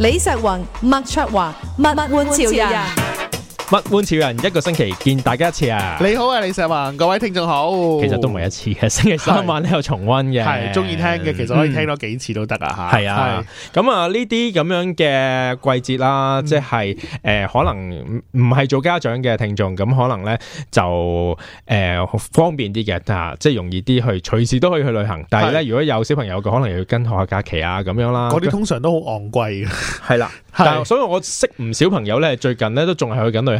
李石宏、麥卓華、物玩潮人。物玩潮人一個星期見大家一次啊！你好啊，李石文，各位聽眾好。其實都唔係一次嘅，星期三晚呢度重溫嘅。係中意聽嘅，其實可以聽多幾次都得啊吓。係啊，咁、嗯、啊呢啲咁樣嘅季節啦，嗯、即係誒、呃、可能唔係做家長嘅聽眾，咁可能咧就誒、呃、方便啲嘅即係容易啲去，隨時都可以去旅行。但係咧，如果有小朋友嘅，可能要跟學校假期啊咁樣啦。啲通常都好昂貴嘅。係 啦、啊，但所以我識唔少朋友咧，最近咧都仲係去緊旅行。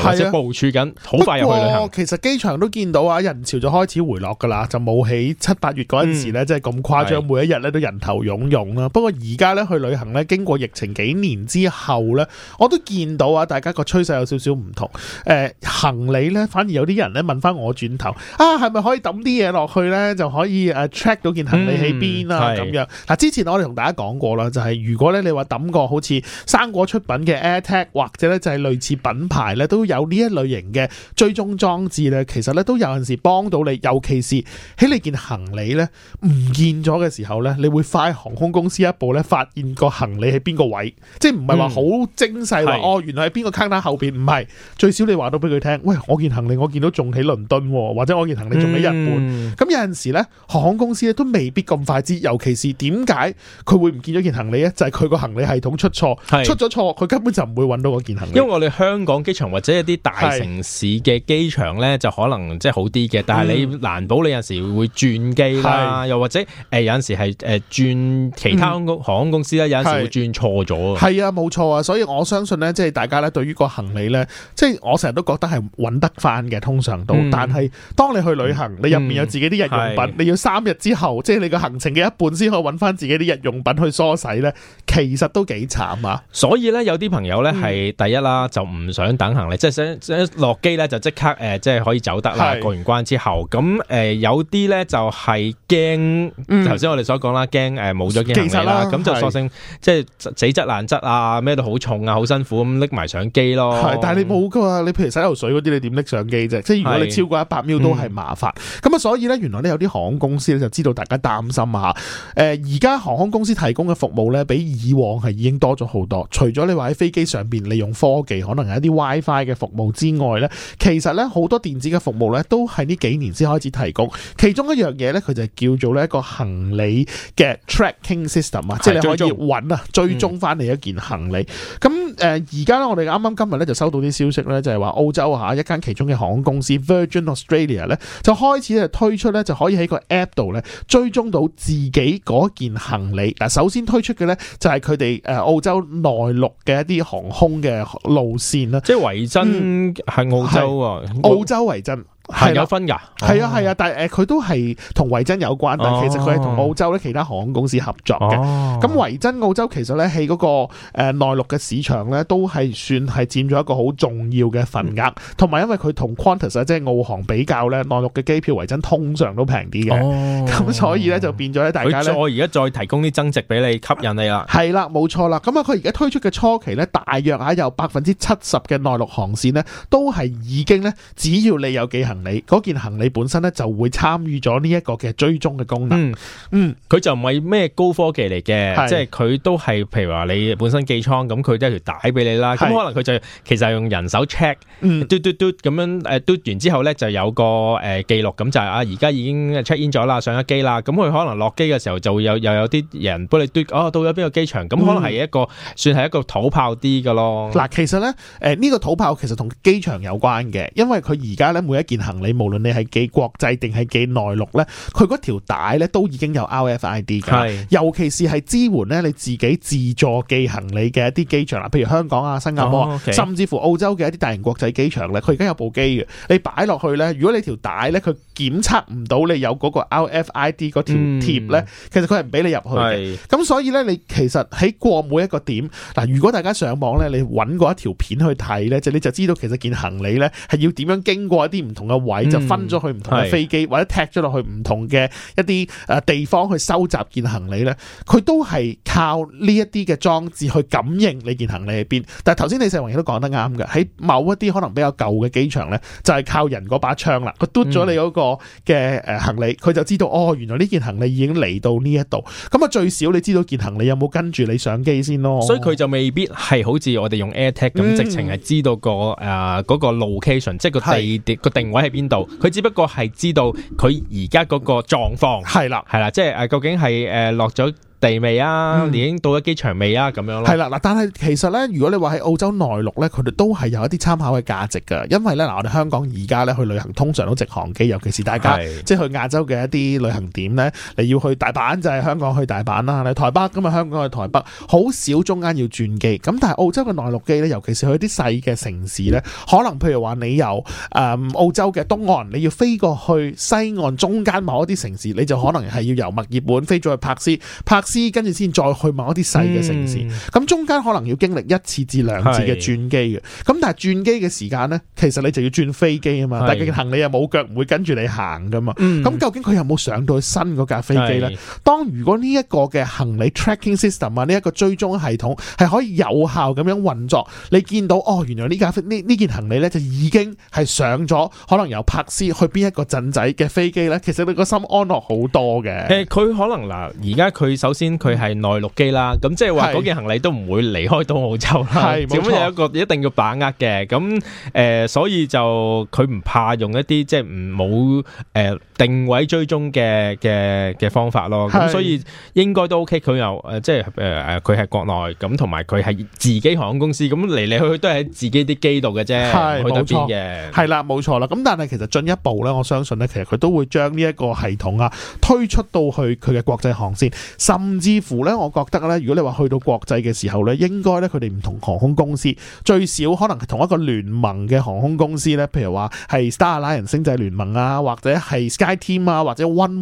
行即部署緊，好、啊、快入去旅行。其實機場都見到啊，人潮就開始回落噶啦，就冇起七八月嗰陣時咧，即係咁誇張，嗯、每一日咧都人頭湧湧啦。不過而家咧去旅行咧，經過疫情幾年之後咧，我都見到啊，大家個趨勢有少少唔同、呃。行李咧，反而有啲人咧問翻我轉頭啊，係咪可以抌啲嘢落去咧，就可以誒 check 到件行李喺邊啦咁樣？嗱，之前我哋同大家講過啦，就係、是、如果咧你話抌個好似生果出品嘅 AirTag，或者咧就係類似品牌。牌咧都有呢一類型嘅追蹤裝置咧，其實咧都有陣時幫到你，尤其是喺你件行李咧唔見咗嘅時候咧，你會快航空公司一步咧發現個行李喺邊個位、嗯，即係唔係話好精細話哦，原來喺邊個坑單後邊，唔係最少你話到俾佢聽，喂，我件行李我見到仲喺倫敦，或者我件行李仲喺日本，咁、嗯、有陣時咧航空公司咧都未必咁快知，尤其是點解佢會唔見咗件行李咧，就係佢個行李系統出錯，出咗錯，佢根本就唔會揾到嗰件行李，因為我哋香港。機場或者一啲大城市嘅機場呢，就可能即係好啲嘅。但係你難保你有陣時會轉機啦、嗯，又或者誒、呃、有陣時係誒轉其他航空公司啦、嗯，有陣時會轉錯咗啊。係啊，冇錯啊。所以我相信呢，即係大家呢對於個行李呢，即係我成日都覺得係揾得翻嘅，通常都。嗯、但係當你去旅行，你入面有自己啲日用品，嗯、你要三日之後，即係、就是、你個行程嘅一半先可以揾翻自己啲日用品去梳洗呢，其實都幾慘啊。所以呢，有啲朋友呢，係、嗯、第一啦，就唔想。想等行李，即係想落機咧就即刻誒，即係可以走得啦。過完關之後，咁誒有啲咧就係驚，頭、嗯、先我哋所講啦，驚誒冇咗嘅行李啦，咁、啊、就索性即係死質爛質啊，咩都好重啊，好辛苦咁拎埋上機咯。但係你冇噶嘛？你譬如洗頭水嗰啲，你點拎上機啫？即係如果你超過一百秒都係麻煩。咁啊、嗯，所以咧，原來呢，有啲航空公司咧就知道大家擔心啊。誒、呃，而家航空公司提供嘅服務咧，比以往係已經多咗好多。除咗你話喺飛機上邊利用科技，可能有一啲。WiFi 嘅服務之外咧，其實咧好多電子嘅服務咧都係呢幾年先開始提供。其中一樣嘢咧，佢就叫做呢一個行李嘅 tracking system 啊，即係你可以揾啊，追蹤翻嚟一件行李。咁、嗯、誒，而家咧我哋啱啱今日咧就收到啲消息咧，就係、是、話澳洲啊嚇一間其中嘅航空公司 Virgin Australia 咧就開始咧推出咧就可以喺個 app 度咧追蹤到自己嗰件行李。嗱，首先推出嘅咧就係佢哋誒澳洲內陸嘅一啲航空嘅路線啦。即係維珍係澳洲啊，嗯，澳洲維珍。係有分噶，係啊係啊，但係佢都係同維珍有關，但其實佢係同澳洲咧其他航空公司合作嘅。咁、哦、維珍澳洲其實咧喺嗰個誒、呃、內陸嘅市場咧，都係算係佔咗一個好重要嘅份額。同、嗯、埋因為佢同 Qantas 即係澳航比較咧，內陸嘅機票維珍通常都平啲嘅。咁、哦、所以咧就變咗咧大家咧，我而家再提供啲增值俾你吸引你啦。係啦，冇錯啦。咁啊佢而家推出嘅初期咧，大約喺有百分之七十嘅內陸航線咧，都係已經咧，只要你有幾行。你嗰件行李本身咧，就會參與咗呢一個嘅追蹤嘅功能。嗯，佢、嗯、就唔係咩高科技嚟嘅，即係佢都係，譬如話你本身寄倉，咁佢都係條帶俾你啦。咁可能佢就其實係用人手 check，嘟嘟嘟咁樣誒，嘟完之後咧就有個誒、呃、記錄，咁就係、是、啊，而家已經 check in 咗啦，上咗機啦。咁佢可能落機嘅時候就會有又有啲人幫你嘟哦、啊，到咗邊個機場？咁可能係一個、嗯、算係一個土炮啲嘅咯。嗱，其實咧，誒、呃、呢、這個土炮其實同機場有關嘅，因為佢而家咧每一件行李。行李，無論你係寄國際定係寄內陸咧，佢嗰條帶咧都已經有 RFID 嘅。尤其是係支援咧，你自己自助寄行李嘅一啲機場啦，譬如香港啊、新加坡、哦 okay，甚至乎澳洲嘅一啲大型國際機場咧，佢而家有部機嘅。你擺落去咧，如果你條帶咧佢檢測唔到你有嗰個 RFID 嗰條貼咧、嗯，其實佢係唔俾你入去嘅。咁所以咧，你其實喺過每一個點嗱，如果大家上網咧，你揾過一條片去睇咧，就你就知道其實件行李咧係要點樣經過一啲唔同。個、嗯、位就分咗去唔同嘅飛機，或者踢咗落去唔同嘅一啲誒地方去收集件行李咧，佢都係靠呢一啲嘅裝置去感應你件行李喺邊。但係頭先李世榮亦都講得啱嘅，喺某一啲可能比較舊嘅機場咧，就係、是、靠人嗰把槍啦，佢嘟咗你嗰個嘅誒行李，佢就知道、嗯、哦，原來呢件行李已經嚟到呢一度。咁啊最少你知道件行李有冇跟住你上機先咯。所以佢就未必係好似我哋用 AirTag 咁、嗯、直情係知道、嗰個誒嗰個 location，即係個地嘅、嗰個定位。喺邊度？佢只不過係知道佢而家嗰個狀況係啦，係啦，即係誒、啊，究竟係誒、呃、落咗。地未啊？你已經到咗機場未啊？咁、嗯、樣咯。係啦，嗱，但係其實咧，如果你話喺澳洲內陸咧，佢哋都係有一啲參考嘅價值㗎。因為咧，嗱，我哋香港而家咧去旅行通常都直航機，尤其是大家是即係去亞洲嘅一啲旅行點咧，你要去大阪就係香港去大阪啦，你台北咁啊，香港去台北好少中間要轉機，咁但係澳洲嘅內陸機咧，尤其是去啲細嘅城市咧、嗯，可能譬如話你由誒、嗯、澳洲嘅東岸你要飛過去西岸，中間某一啲城市，你就可能係要由墨爾本飛咗去柏斯，柏跟住先再去某一啲細嘅城市，咁、嗯、中間可能要經歷一次至兩次嘅轉機嘅。咁但係轉機嘅時間咧，其實你就要轉飛機啊嘛，但係佢嘅行李又冇腳，唔會跟住你行噶嘛。咁、嗯、究竟佢有冇上到去新嗰架飛機咧？當如果呢一個嘅行李 tracking system 啊，呢一個追蹤系統係可以有效咁樣運作，你見到哦，原來呢架呢呢件行李咧就已經係上咗可能由柏斯去邊一個鎮仔嘅飛機咧，其實你個心安樂好多嘅。誒佢可能嗱，而家佢首先。先佢係內陸機啦，咁即係話嗰件行李都唔會離開到澳洲啦，係咁有一個一定要把握嘅，咁誒，所以就佢唔怕用一啲即係唔冇誒定位追蹤嘅嘅嘅方法咯，咁所以應該都 OK，佢又誒即係誒佢係國內咁，同埋佢係自己航空公司，咁嚟嚟去去都係喺自己啲機度嘅啫，去得邊嘅？係啦，冇錯啦，咁但係其實進一步咧，我相信咧，其實佢都會將呢一個系統啊推出到去佢嘅國際航線，甚。甚至乎咧，我覺得咧，如果你話去到國際嘅時候咧，應該咧佢哋唔同航空公司最少可能係同一個聯盟嘅航空公司咧，譬如話係 Star Alliance 星際聯盟啊，或者係 SkyTeam 啊，或者 OneWorld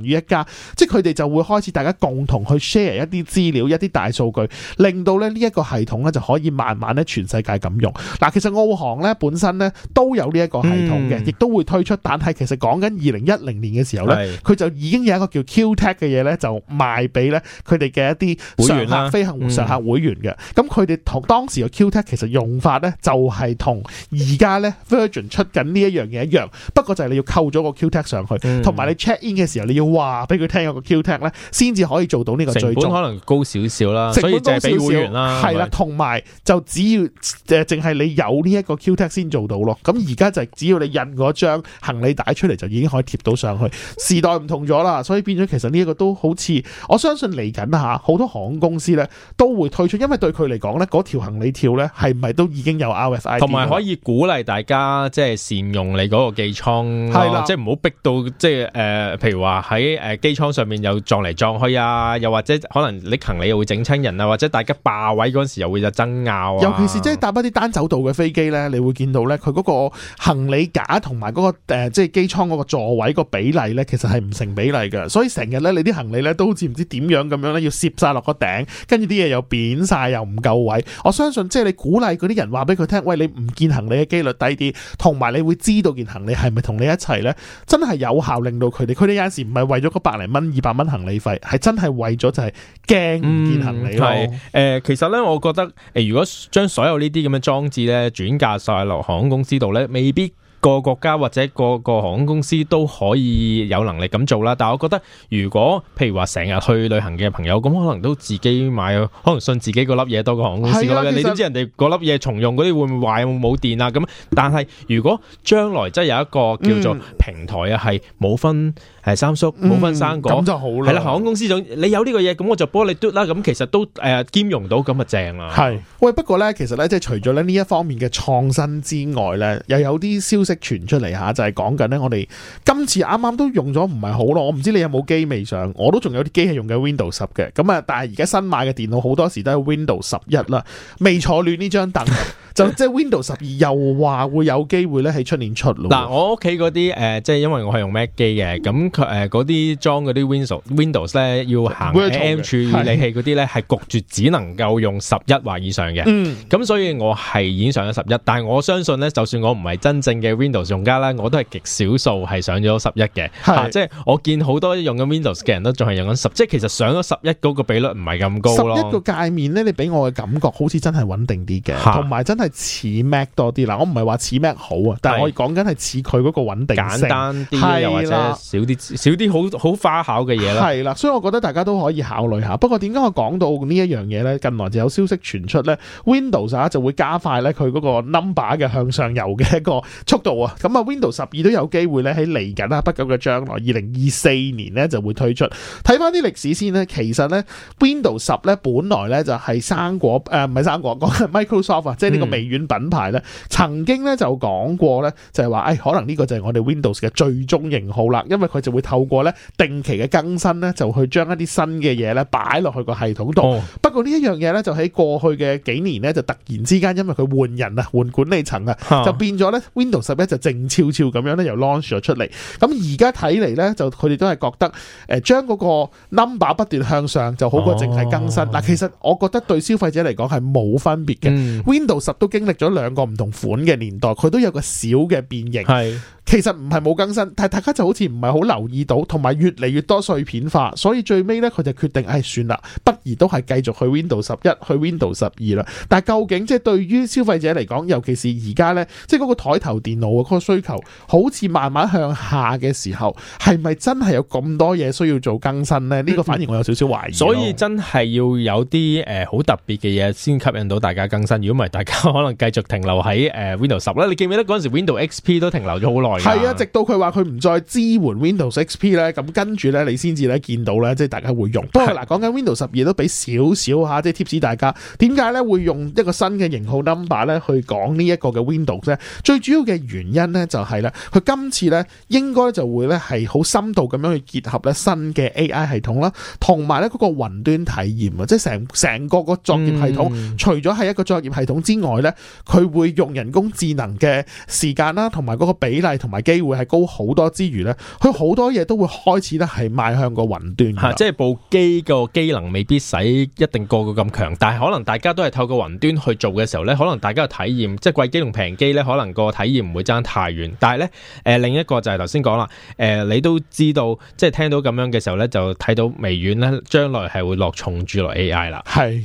環宇一家，即係佢哋就會開始大家共同去 share 一啲資料、一啲大數據，令到咧呢一個系統咧就可以慢慢咧全世界咁用。嗱，其實澳航咧本身咧都有呢一個系統嘅，亦、嗯、都會推出，但係其實講緊二零一零年嘅時候咧，佢就已經有一個叫 Q-Tech 嘅嘢咧，就賣俾。佢哋嘅一啲常客、啊、飛行戶、常客會員嘅，咁佢哋同當時嘅 q t a c 其實用法咧，就係同而家咧 Virgin 出緊呢一樣嘢一樣。不過就係你要扣咗個 q t a c 上去，同、嗯、埋你 check in 嘅時候你要話俾佢聽個 q t a c 咧，先至可以做到呢個最終可能高少少啦，成本所以就係俾會員啦，係啦，同埋就只要淨淨係你有呢一個 q t a c 先做到咯。咁而家就係只要你印嗰張行李帶，出嚟，就已經可以貼到上去。時代唔同咗啦，所以變咗其實呢一個都好似我相信。相信嚟緊下吓，好多航空公司咧都會推出，因為對佢嚟講咧，嗰條行李跳咧係咪都已經有 RFID，同埋可以鼓勵大家即係善用你嗰個機艙，係啦，即係唔好逼到即係誒、呃，譬如話喺誒機艙上面又撞嚟撞去啊，又或者可能你行李又會整親人啊，或者大家霸位嗰陣時又會有爭拗，啊、尤其是即係搭一啲單走道嘅飛機咧，你會見到咧佢嗰個行李架同埋嗰個誒、呃、即係機艙嗰個座位個比例咧，其實係唔成比例㗎。所以成日咧你啲行李咧都好似唔知點。咁樣咁樣咧，要攝晒落個頂，跟住啲嘢又扁晒，又唔夠位。我相信，即係你鼓勵嗰啲人話俾佢聽，喂，你唔見行李嘅機率低啲，同埋你會知道件行李係咪同你一齊呢？真係有效令到佢哋。佢哋有陣時唔係為咗個百零蚊、二百蚊行李費，係真係為咗就係驚唔見行李咯。誒、嗯呃，其實呢，我覺得、呃、如果將所有這些呢啲咁嘅裝置咧轉嫁晒落航空公司度呢，未必。各個國家或者個個航空公司都可以有能力咁做啦，但係我覺得，如果譬如話成日去旅行嘅朋友，咁可能都自己買，可能信自己嗰粒嘢多過航空公司、啊、你都知人哋嗰粒嘢重用嗰啲會唔會壞，會冇電啊？咁，但係如果將來真係有一個叫做平台啊，係冇分係三叔冇分生果，係、嗯、啦、嗯啊，航空公司總你有呢個嘢，咁我就幫你嘟啦。咁其實都誒兼容到咁啊，正啦。係喂，不過咧，其實咧，即係除咗咧呢一方面嘅創新之外咧，又有啲消息。傳出嚟吓，就係講緊呢。我哋今次啱啱都用咗唔係好耐，我唔知你有冇機未上，我都仲有啲機係用緊 Windows 十嘅，咁啊，但係而家新買嘅電腦好多時都係 Windows 十一啦，未坐暖呢張凳。 就即係 Windows 十二又話會有機會咧，喺出年出咯。嗱，我屋企嗰啲誒，即係因為我係用 Mac 機嘅，咁佢誒嗰啲裝嗰啲 Windows Windows 咧，要行 M 處理器嗰啲咧，係焗住只能夠用十一或以上嘅。咁所以我係已經上咗十一，但係我相信咧，就算我唔係真正嘅 Windows 用家啦，我都係極少數係上咗十一嘅。即係我見好多用緊 Windows 嘅人都仲係用緊十、嗯，即係其實上咗十一嗰個比率唔係咁高咯。十一個界面咧，你俾我嘅感覺好似真係穩定啲嘅，同、啊、埋真係。似 Mac 多啲嗱，我唔係話似 Mac 好啊，但係我講緊係似佢嗰個穩定性，簡單啲，又或者少啲少啲好好花巧嘅嘢啦。係啦，所以我覺得大家都可以考慮下。不過點解我講到呢一樣嘢咧？近來就有消息傳出咧，Windows 就會加快咧佢嗰個 number 嘅向上游嘅一個速度啊。咁啊，Windows 十二都有機會咧喺嚟緊啊不久嘅將來，二零二四年咧就會推出。睇翻啲歷史先咧，其實咧 Windows 十咧本來咧就係生果誒，唔係生果，講、嗯、係、呃、Microsoft 啊、嗯，即係呢個微軟品牌咧，曾經咧就講過咧，就係話誒，可能呢個就係我哋 Windows 嘅最終型號啦，因為佢就會透過咧定期嘅更新咧、哦，就去將一啲新嘅嘢咧擺落去個系統度。不過呢一樣嘢咧，就喺過去嘅幾年咧，就突然之間因為佢換人啊，換管理層啊，就變咗咧 Windows 十一就靜悄悄咁樣咧又 launch 咗出嚟。咁而家睇嚟咧，就佢哋都係覺得誒，將嗰個 number 不斷向上就好過淨係更新。嗱、哦，其實我覺得對消費者嚟講係冇分別嘅，嗯，Windows 十都經歷咗兩個唔同款嘅年代，佢都有個小嘅變形。其實唔係冇更新，但係大家就好似唔係好留意到，同埋越嚟越多碎片化，所以最尾咧佢就決定，唉、哎、算啦，不如都係繼續去 Windows 十一，去 Windows 十二啦。但係究竟即係對於消費者嚟講，尤其是而家咧，即係嗰個枱頭電腦個需求好似慢慢向下嘅時候，係咪真係有咁多嘢需要做更新咧？呢、這個反而我有少少懷疑、嗯。所以真係要有啲誒好特別嘅嘢先吸引到大家更新。如果唔係，大家可能繼續停留喺誒、呃、Windows 十咧。你記唔記得嗰陣時 Windows XP 都停留咗好耐？係啊，直到佢話佢唔再支援 Windows XP 咧，咁跟住咧，你先至咧見到咧，即係大家會用。不過嗱，講緊 Windows 十二，都俾少少吓，即係 tips 大家，點解咧會用一個新嘅型號 number 咧去講呢一個嘅 Windows 咧？最主要嘅原因咧就係咧，佢今次咧應該就會咧係好深度咁樣去結合咧新嘅 AI 系統啦，同埋咧嗰個雲端體驗啊，即係成成個個作業系統，嗯、除咗係一個作業系統之外咧，佢會用人工智能嘅時間啦，同埋嗰個比例。同埋機會係高好多之餘呢，佢好多嘢都會開始咧係邁向個雲端的。嚇、啊，即係部機個機能未必使一定個個咁強，但係可能大家都係透過雲端去做嘅時候呢，可能大家嘅體驗，即係貴機同平機呢可能個體驗唔會爭太遠。但係呢，誒、呃、另一個就係頭先講啦，誒、呃、你都知道，即係聽到咁樣嘅時候呢就睇到微軟呢將來係會落重注落 AI 啦。係。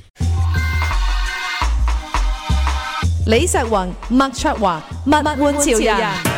李石雲、麥卓華、默默換潮人。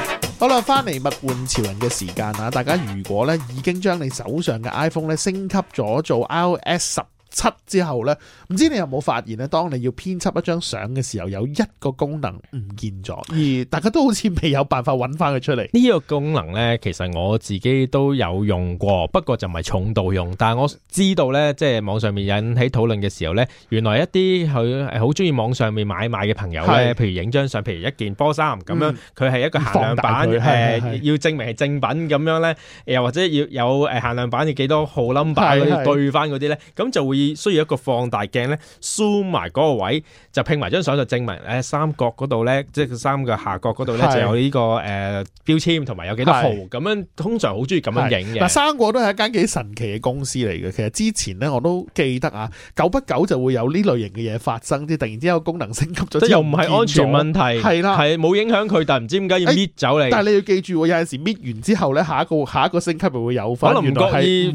好啦，翻嚟物玩潮人嘅時間啊！大家如果咧已經將你手上嘅 iPhone 咧升級咗做 iOS 十。七之後咧，唔知你有冇發現咧？當你要編輯一張相嘅時候，有一個功能唔見咗，而大家都好似未有辦法揾翻佢出嚟。呢個功能咧，其實我自己都有用過，不過就唔係重度用。但係我知道咧，即係網上面引起討論嘅時候咧，原來一啲佢好中意網上面買賣嘅朋友咧，譬如影張相，譬如一件波衫咁樣，佢係一個限量版，誒、呃、要證明係正品咁樣咧，又、呃、或者要有誒限量版要幾多號 number 對翻嗰啲咧，咁就會，需要一個放大鏡咧，Zoom 埋嗰個位就拼埋張相就證明，誒，三角嗰度咧，即係三角下角嗰度咧就有呢個誒標籤同埋有幾多號，咁樣通常好中意咁樣影嘅。但，三角都係一間幾神奇嘅公司嚟嘅。其實之前咧我都記得啊，久不久就會有呢類型嘅嘢發生，即係突然之間個功能升級咗，即係又唔係安全問題，係啦，係冇影響佢，但係唔知點解要搣走你。但係你要記住，有陣時搣完之後咧，下一個下一個升級咪會有翻。可能唔覺意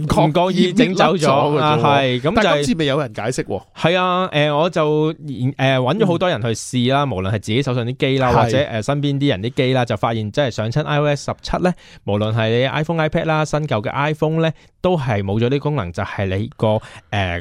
整走咗嘅啫，係咁就知未有人解釋喎？係啊，誒、呃、我就誒揾咗好多人去試啦、嗯，無論係自己手上啲機啦，或者誒身邊啲人啲機啦，就發現即係上親 iOS 十七咧，無論係 iPhone、iPad 啦，新舊嘅 iPhone 咧，都係冇咗啲功能，就係、是、你個誒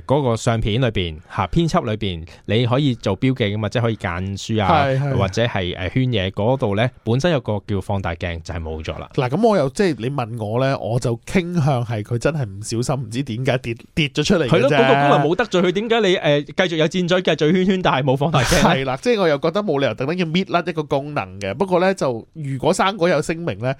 嗰個相片裏邊嚇編輯裏邊，你可以做標記噶嘛，即係可以間書啊，是是或者係誒圈嘢嗰度咧，本身有個叫放大鏡，就係冇咗啦。嗱，咁我又即係、就是、你問我咧，我就傾向係佢真係唔小心，唔知點解跌跌咗出嚟嘅啫因為冇得罪佢，點解你誒、呃、繼續有戰爭，繼續圈圈但係冇放大鏡？係啦，即係我又覺得冇理由特登要搣甩一個功能嘅。不過咧，就如果生果有聲明咧。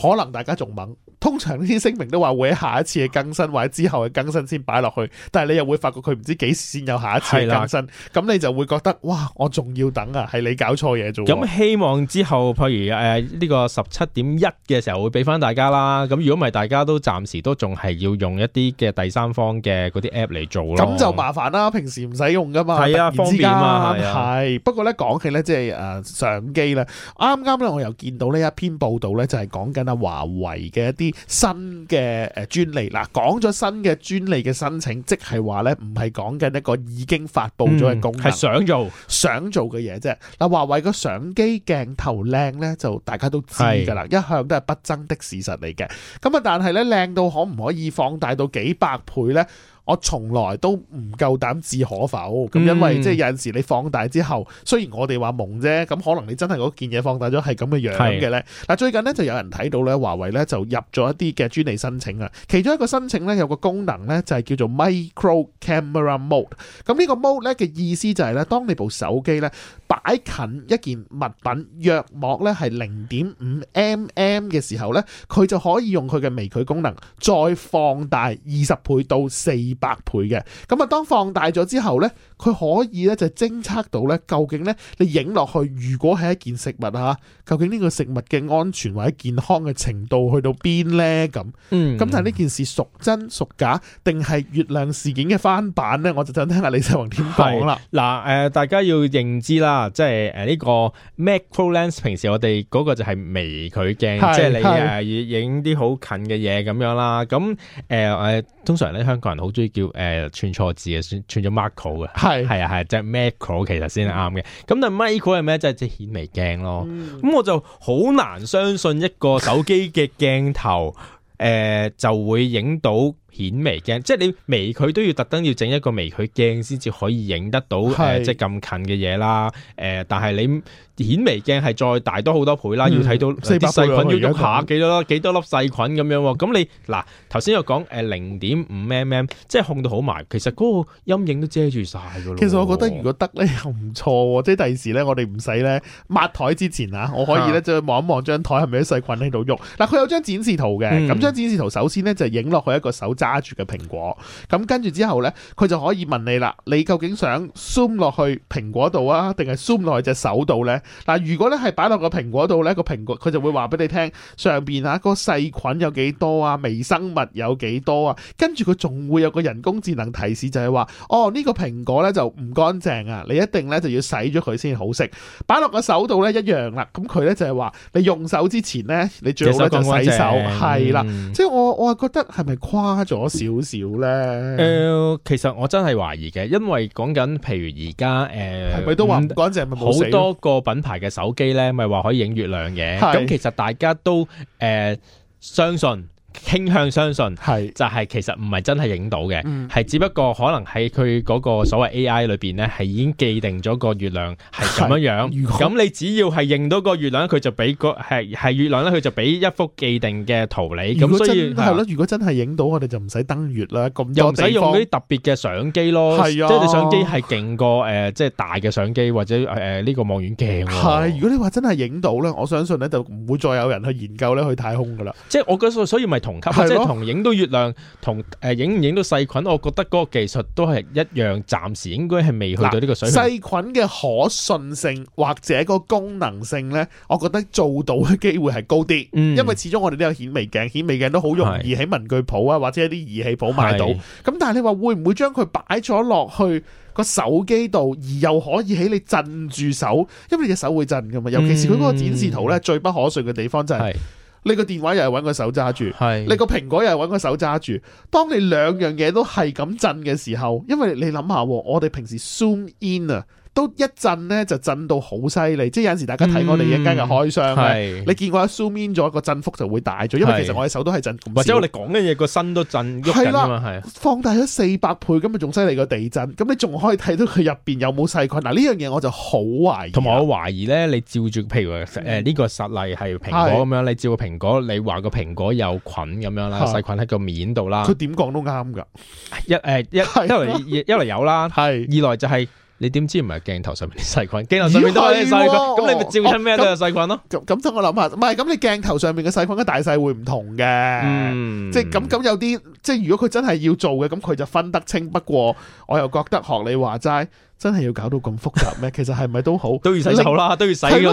可能大家仲猛，通常呢啲聲明都話會喺下一次嘅更新或者之後嘅更新先擺落去，但係你又會發覺佢唔知幾時先有下一次嘅更新，咁你就會覺得哇，我仲要等啊！係你搞錯嘢做。咁希望之後譬如誒呢個十七點一嘅時候會俾翻大家啦。咁如果唔係，大家都暫時都仲係要用一啲嘅第三方嘅嗰啲 app 嚟做咯。咁就麻煩啦，平時唔使用噶嘛，突然之間唔方便啊，係。不過咧講起咧，即係誒相機咧，啱啱咧我又見到呢一篇報道咧，就係講緊。嗱，華為嘅一啲新嘅誒專利，嗱講咗新嘅專利嘅申請，即係話咧，唔係講緊一個已經發佈咗嘅功能，係、嗯、想做想做嘅嘢啫。嗱，華為個相機鏡頭靚咧，就大家都知噶啦，一向都係不爭的事實嚟嘅。咁啊，但係咧，靚到可唔可以放大到幾百倍咧？我從來都唔夠膽置可否，咁因為即係有陣時你放大之後，嗯、雖然我哋話蒙啫，咁可能你真係嗰件嘢，放大咗係咁嘅樣嘅咧。嗱，最近咧就有人睇到咧，華為咧就入咗一啲嘅專利申請啊，其中一個申請咧有個功能咧就係叫做 micro camera mode。咁呢個 mode 咧嘅意思就係咧，當你部手機咧，擺近一件物品，約莫咧係零點五 mm 嘅時候咧，佢就可以用佢嘅微距功能再放大二十倍到四百倍嘅。咁啊，當放大咗之後咧，佢可以咧就偵測到咧究竟咧你影落去，如果係一件食物啊，究竟呢個食物嘅安全或者健康嘅程度去到邊咧？咁，嗯，咁但係呢件事孰真孰假，定係月亮事件嘅翻版咧？我就想聽下李世宏點講啦。嗱，誒、呃，大家要認知啦。啊、即係誒呢個 macro lens，平時我哋嗰個就係微距鏡，即係你誒影啲好近嘅嘢咁樣啦。咁誒誒，通常咧香港人好中意叫誒串錯字嘅，串串咗 micro 嘅，係係啊係，即係、就是、macro 其實先啱嘅。咁、嗯、但 micro 係咩？即係即顯微鏡咯。咁、嗯、我就好難相信一個手機嘅鏡頭誒、 呃、就會影到。顯微鏡，即係你微距都要特登要整一個微距鏡先至可以影得到誒、呃，即係咁近嘅嘢啦。誒、呃，但係你。顯微鏡係再大多好多倍啦，嗯、要睇到啲細菌要喐下幾多幾多粒細菌咁樣喎。咁、嗯、你嗱頭先又講誒零點五 mm，即係控到好埋。其實嗰個陰影都遮住晒㗎咯。其實我覺得如果得咧又唔錯喎，即係第二時咧我哋唔使咧抹台之前啊，我可以咧就望一望張台係咪有啲細菌喺度喐。嗱佢有張展示圖嘅，咁張展示圖首先咧就影落去一個手揸住嘅蘋果，咁跟住之後咧佢就可以問你啦，你究竟想 zoom 落去蘋果度啊，定係 zoom 落去隻手度咧？嗱，如果咧係擺落個蘋果度咧，個蘋果佢就會話俾你聽上邊啊，個細菌有幾多啊，微生物有幾多啊，跟住佢仲會有個人工智能提示，就係話哦呢個蘋果咧就唔乾淨啊，你一定咧就要洗咗佢先好食。擺落個手度咧一樣啦，咁佢咧就係話你用手之前咧，你最好就洗手係啦、嗯。即係我我覺得係咪誇咗少少咧？誒、呃，其實我真係懷疑嘅，因為講緊譬如而家誒，係咪都話唔乾淨咪好多個。品牌嘅手機咧，咪話可以影月亮嘅，咁其實大家都誒、呃、相信。傾向相信，係就係，其實唔係真係影到嘅，係只不過可能係佢嗰個所謂 AI 裏邊咧係已經既定咗個月亮係咁樣樣。咁你只要係認到個月亮，佢就俾個係係月亮咧，佢就俾一幅既定嘅圖你。咁所以係咯，如果真係影、啊啊、到，我哋就唔使登月啦，咁又唔使用嗰啲特別嘅相機咯，是啊、即係你相機係勁過誒，即係大嘅相機或者誒呢、呃呢個望遠鏡。係如果你話真係影到咧，我相信咧就唔會再有人去研究咧去太空噶啦。即係我覺得所以咪。同級即係同影到月亮，同誒影唔影到細菌，我覺得嗰個技術都係一樣，暫時應該係未去到呢個水平。細菌嘅可信性或者嗰個功能性咧，我覺得做到嘅機會係高啲，因為始終我哋都有顯微鏡，顯微鏡都好容易喺文具鋪啊或者一啲儀器鋪買到。咁但係你話會唔會將佢擺咗落去個手機度，而又可以喺你震住手，因為你隻手會震噶嘛。尤其是佢嗰個展示圖咧，最不可信嘅地方就係。你個電話又係揾個手揸住，你個蘋果又係揾個手揸住。當你兩樣嘢都係咁震嘅時候，因為你諗下，我哋平時 zoom in 啊～都一震咧，就震到好犀利，即係有陣時大家睇我哋一間嘅開箱嘅、嗯，你見過我 zoom in 咗個振幅就會大咗，因為其實我哋手都係震，即係我哋講嘅嘢個身都震喐緊啊係放大咗四百倍，咁啊仲犀利過地震，咁你仲可以睇到佢入邊有冇細菌？嗱呢樣嘢我就好懷疑，同埋我懷疑咧，你照住，譬如誒呢、呃這個實例係蘋果咁樣，你照個蘋果，你話個蘋果有菌咁樣啦，細菌喺個面度啦，佢點講都啱噶，一誒、呃、一來一嚟一嚟有啦，係二嚟就係、是。你點知唔係鏡頭上面啲細菌？鏡頭上面都係細菌，咁、啊、你咪照出咩都有細菌咯。咁、哦、咁、哦啊、我諗下，唔係咁你鏡頭上面嘅細菌嘅大細會唔同嘅、嗯，即係咁咁有啲。即係如果佢真係要做嘅，咁佢就分得清。不過我又覺得學你話齋，真係要搞到咁複雜咩？其實係咪都好，都要洗手啦，都要洗個檯係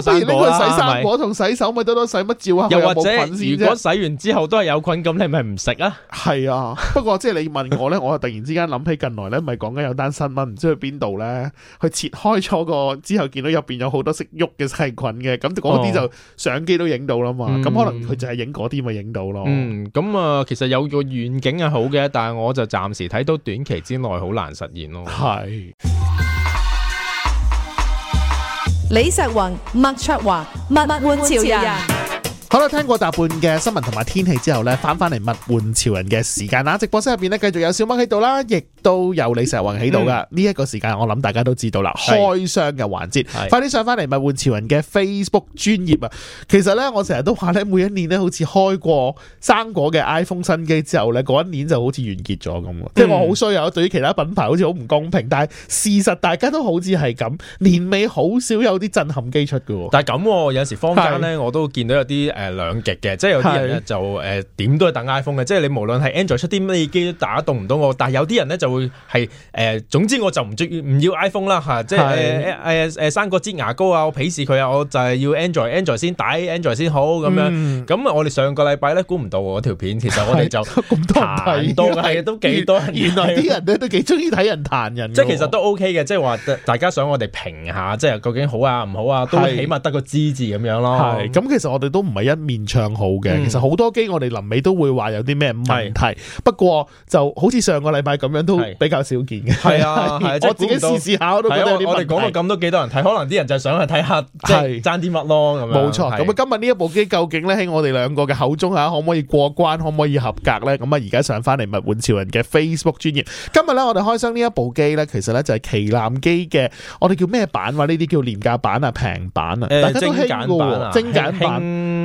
洗生果同洗手咪都多洗乜？照下又冇菌先。如果洗完之後都係有菌，咁你係咪唔食啊？係啊，不過即係你問我咧， 我突然之間諗起近來咧，咪講緊有單新聞，唔知去邊度咧，佢切開咗個之後，見到入面有好多識喐嘅細菌嘅，咁嗰啲就相機都影到啦嘛。咁、嗯、可能佢就係影嗰啲咪影到咯。咁、嗯、啊、嗯嗯嗯，其實有個遠景。好嘅，但係我就暫時睇到短期之內好難實現咯。係李石雲、麥卓華、物玩潮人。好啦，聽過大半嘅新聞同埋天氣之後呢，翻翻嚟物玩潮人嘅時間啦。直播室入邊咧，繼續有小麥喺度啦，亦，都有李石雲起到噶，呢一個時間，我諗大家都知道啦。開箱嘅環節，快啲上翻嚟物玩潮人嘅 Facebook 專頁啊！其實呢，我成日都話呢，每一年呢好似開過生果嘅 iPhone 新機之後呢，嗰一年就好似完結咗咁喎。即、嗯、係我好衰啊！對於其他品牌好似好唔公平，但係事實大家都好似係咁，年尾好少有啲震撼機出喎。但係咁、啊，有時坊間呢我都見到有啲誒兩極嘅，即係有啲人就誒點、呃、都係等 iPhone 嘅，即係你無論係 Android 出啲咩機都打動唔到我。但係有啲人呢就會係誒，總之我就唔中意唔要 iPhone 啦吓，即係誒誒誒，生果擠牙膏啊，我鄙視佢啊，我就係要 Android，Android 先 Android 打 Android 先好咁樣。咁、嗯、我哋上個禮拜咧，估唔到我、啊、條片，其實我哋就咁、是、多人睇，都係都幾多人原。原來啲人都幾中意睇人彈人。即係其實都 OK 嘅，即係話大家想我哋評下，即係究竟好啊唔好啊，都會起碼得個知字咁樣咯。咁，其實我哋都唔係一面唱好嘅、嗯，其實好多機我哋臨尾都會話有啲咩問題。不過就好似上個禮拜咁樣都。比較少見嘅、啊，係啊，啊，我自己試試下都冇得、啊、我哋講到咁多，幾多人睇？可能啲人就係想去睇下，即係爭啲乜咯咁樣。冇錯。咁啊，就是、啊今日呢一部機究竟咧喺我哋兩個嘅口中啊，可唔可以過關？啊、可唔可以合格咧？咁啊，而家上翻嚟物玩潮人嘅 Facebook 專頁。今日咧，我哋開箱呢一部機咧，其實咧就係旗艦機嘅，我哋叫咩版話、啊？呢啲叫廉價版啊，平版啊，呃、大家都輕版精、啊、輕簡版。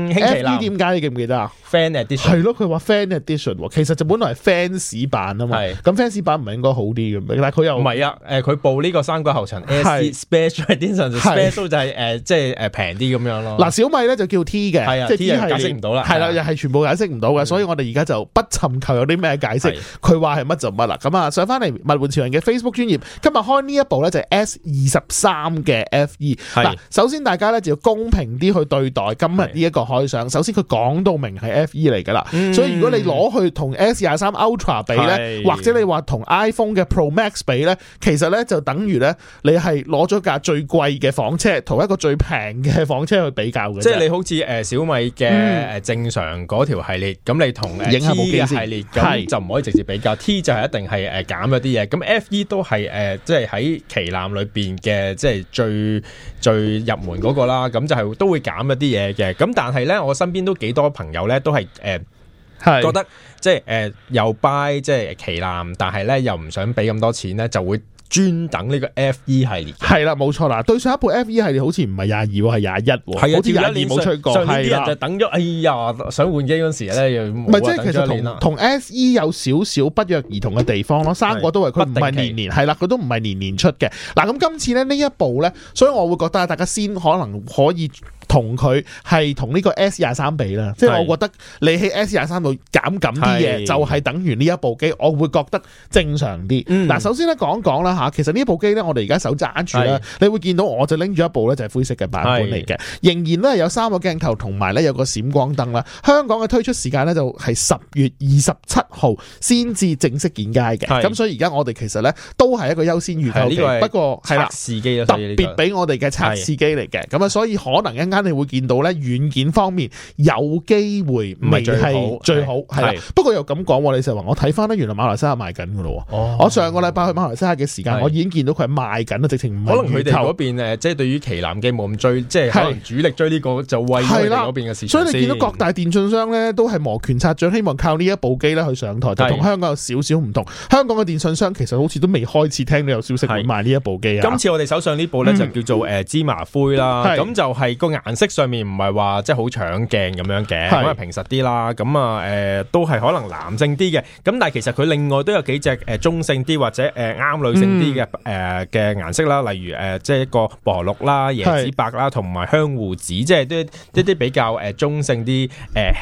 輕旗艦點解？你記唔記得啊？Fan Edition 係咯，佢話、啊、Fan Edition，其實就本來係 Fans 版啊嘛。咁、啊、Fans 版。應該好啲咁，但佢又唔係啊！佢報呢個三個後層 s p c e 就 special、是呃、就係即係平啲咁樣咯。嗱、啊，小米咧就叫 T 嘅、啊，即係 T 係解釋唔到啦，係啦、啊，又係全部解釋唔到嘅，嗯、所以我哋而家就不尋求有啲咩解釋，佢話係乜就乜啦。咁啊，上翻嚟物玩潮人嘅 Facebook 專頁，今日開呢一部咧就係 S 二十三嘅 FE。嗱、啊，首先大家咧就要公平啲去對待今日呢一個開箱。首先佢講到明係 FE 嚟㗎啦，嗯、所以如果你攞去同 S 廿三 Ultra 比咧，或者你話同，iPhone 嘅 Pro Max 比咧，其實咧就等於咧，你係攞咗架最貴嘅房車，同一個最平嘅房車去比較嘅。即係你好似誒小米嘅誒正常嗰條系列，咁、嗯、你同 T 嘅系列，咁就唔可以直接比較。T 就係一定係誒減咗啲嘢，咁 FE 都係誒即係喺旗艦裏邊嘅，即係最最入門嗰個啦。咁就係都會減一啲嘢嘅。咁但係咧，我身邊都幾多朋友咧，都係誒覺得。即係誒、呃，又 buy 即係旗艦，但係咧又唔想俾咁多錢咧，就會專等呢個 F E 系列。係啦，冇錯啦。對上一部 F E 系列好似唔係廿二，係廿一。係好似廿一年冇出過。上啲人就等咗，哎呀，想換機嗰時咧又唔係即係其實同同 S E 有少少不約而同嘅地方咯。三個都係佢唔係年年係啦，佢都唔係年年出嘅。嗱咁今次咧呢一部咧，所以我會覺得大家先可能可以。同佢係同呢個 S 廿三比啦，即係我覺得你喺 S 廿三度減減啲嘢，就係、是、等於呢一部機，我會覺得正常啲。嗱、嗯，首先咧講講啦吓，其實呢一部機咧，我哋而家手揸住啦，你會見到我就拎住一部咧，就係灰色嘅版本嚟嘅，仍然咧有三個鏡頭同埋咧有個閃光燈啦。香港嘅推出時間咧就係十月二十七號先至正式見街嘅，咁所以而家我哋其實咧都係一個優先預購機，這個，不過係啦，特別俾我哋嘅測試機嚟嘅，咁啊，所以可能一。你會見到咧軟件方面有機會唔係最好係，不過又咁講喎，你成日話我睇翻原來馬來西亞賣緊噶咯。我上個禮拜去馬來西亞嘅時間，我已經見到佢賣緊啦，直情唔可能，佢哋嗰邊即係對於旗艦機冇咁追，即係可能主力追呢、呢個就為嗰邊嘅事。所以你見到各大電信商咧都係磨拳擦掌，希望靠呢一部機咧去上台，就同香港有少少唔同。香港嘅電信商其實好似都未開始聽到有消息會賣呢一部機啊。今次我哋手上呢部咧就叫做誒芝麻灰啦，咁就係顏色上面唔係話即係好搶鏡咁樣嘅，可能平實啲啦，咁啊誒都係可能男性啲嘅，咁但係其實佢另外都有幾隻誒中性啲或者誒啱女性啲嘅誒嘅顏色啦，例如誒即係一個薄綠啦、椰子白啦，同埋香芋紫，即係一啲比較誒中性啲誒